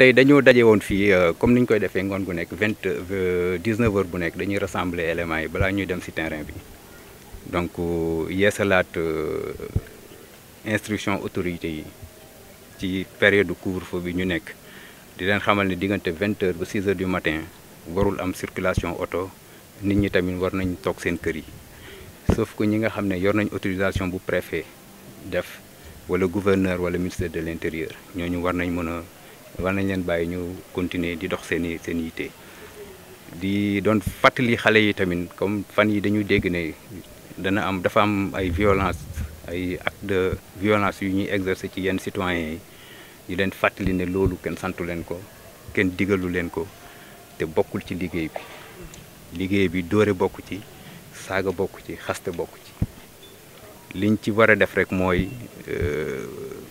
tey dañoo daje woon fii euh, comme ni ñu koy defee ngoon gu nekk vingt euh, dix neuf heures bu nekk dañuy rassembler éléments yi balaa ñuy dem ci terrain bi donc euh, yeesalaat instruction autorité yi ci période couvre-feu bi ñu nekk di leen xamal ne diggante vingt heures ba six heures du matin warul am circulation oto nit ñi tamit war nañ toog seen kër yi sauf que ñi nga xam ne yor nañ autorisation bu préfet def wala gouverneur wala ministre de l'intérieur ñooñu war nañ mën a war nañ leen bàyyi ñu continuer di dox seeni seen yitte di doon fàttali xale yi tamit comme fan yi dañuy dégg ne dana am dafa am ay violence ay acte de violence yu ñuy exercer ci yenn citoyens yi ñu leen fàttali ne loolu kenn santu leen ko kenn digalu leen ko te bokkul ci liggéey bi liggéey bi dóore bokk ci saaga bokk ci xaste bokk ci liñ ci war a def rek mooy euh,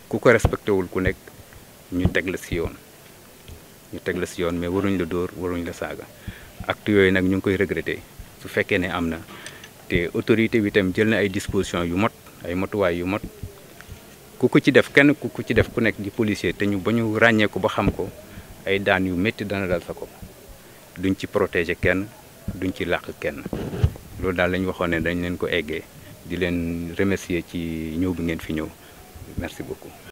ku ko respecté ku nekk ñu teg la si yoon ñu teg si yoon mais waruñ la dóor waruñ la saaga acte yooyu nag ñu ngi koy regretter su fekkee ne am na te autorité bi tam jël na ay dispositions yu mot ay motuwaay yu mot ku ko ci def kenn ku ko ci def ku nekk di policier te ñu ba ñu ràññee ko ba xam ko ay daan yu métti dana dal sa ko duñ ci protéger kenn duñ ci làq kenn loolu daal la waxoon ne dañ leen ko eggee di leen remercier ci ñëw bi ngeen fi ñëw merci beaucoup